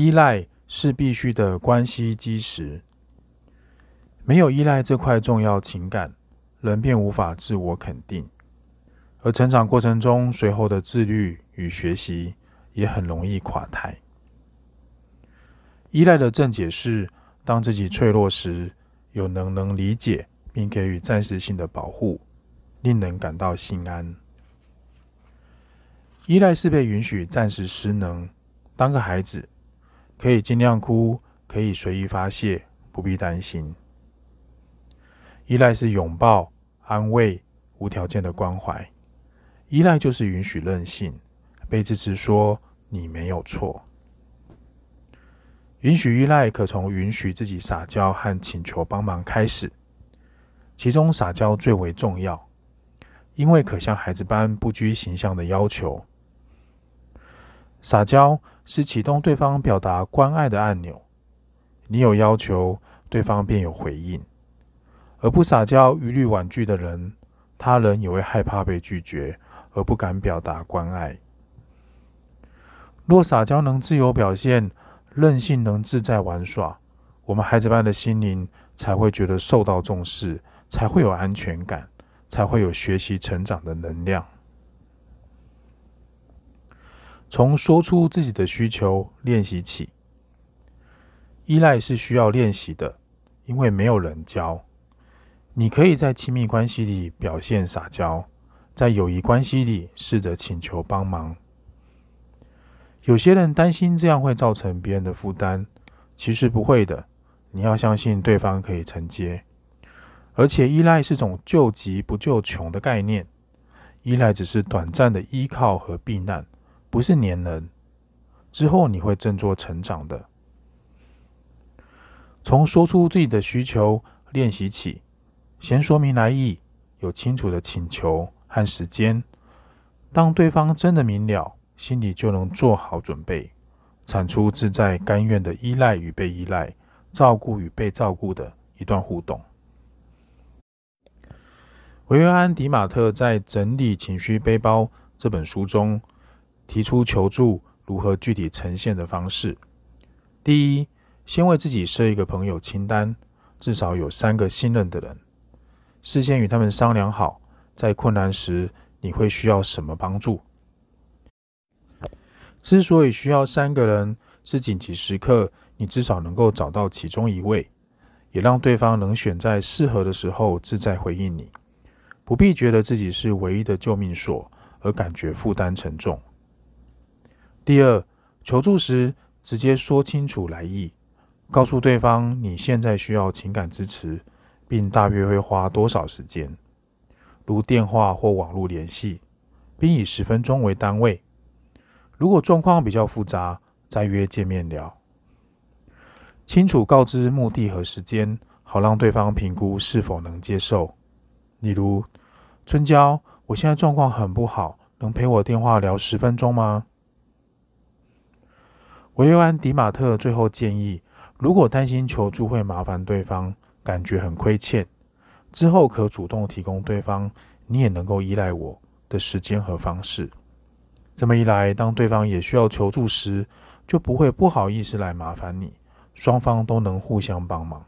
依賴是必須的關係基石，沒有依賴這塊重要情感，人便無法自我肯定，而成長過程中隨後的自律與學習也很容易垮台。依賴的正解是，當自己脆弱時，有人能理解並給予暫時性的保護，令人感到心安。依賴是被允許暫時失能，當個孩子。可以盡量哭，可以隨意發洩，不必擔心。依賴是擁抱、安慰、無條件的關懷；依賴就是允許任性，被支持說你沒有錯。允許依賴可從允許自己撒嬌和請求幫忙開始，其中撒嬌最為重要，因為可像孩子般不拘形象的要求。撒嬌是啟動對方表達關愛的按鈕，你有要求，對方便有回應；而不撒嬌、一律婉拒的人，他人也會害怕被拒絕，而不敢表達關愛。若撒嬌能自由表現，任性能自在玩耍，我們孩子般的心靈才會覺得受到重視，才會有安全感，才會有學習成長的能量。從說出自己的需求練習起，依賴是需要練習的，因為沒有人教。你可以在親密關係裡表現撒嬌，在友誼關係裡試着請求幫忙。有些人擔心這樣會造成別人的負擔，其實不會的。你要相信對方可以承接，而且依賴是種救急不救窮的概念。依賴只是短暫的依靠和避難。不是粘人，之後你會振作成長的。從說出自己的需求練習起，先說明來意，有清楚的請求和時間。當對方真的明了，心裡就能做好準備，產出自在、甘願的依賴與被依賴、照顧與被照顧的一段互動。維約安·迪馬特在《整理情緒背包》這本書中。提出求助如何具體呈現的方式。第一，先為自己設一個朋友清單，至少有三個信任的人，事先與他們商量好，在困難時你會需要什麼幫助。之所以需要三個人，是緊急時刻你至少能夠找到其中一位，也讓對方能選在適合的時候自在回應你，不必覺得自己是唯一的救命所，而感覺負擔沉重。第二，求助時直接說清楚來意，告訴對方你現在需要情感支持，並大約會花多少時間，如電話或網絡聯繫，並以十分鐘為單位。如果狀況比較複雜，再約見面聊。清楚告知目的和時間，好讓對方評估是否能接受。例如，春嬌，我現在狀況很不好，能陪我電話聊十分鐘嗎？維尤安迪馬特最後建議，如果擔心求助會麻煩對方，感覺很虧欠，之後可主動提供對方你也能夠依賴我的時間和方式。這麼一來，當對方也需要求助時，就不會不好意思來麻煩你，雙方都能互相幫忙。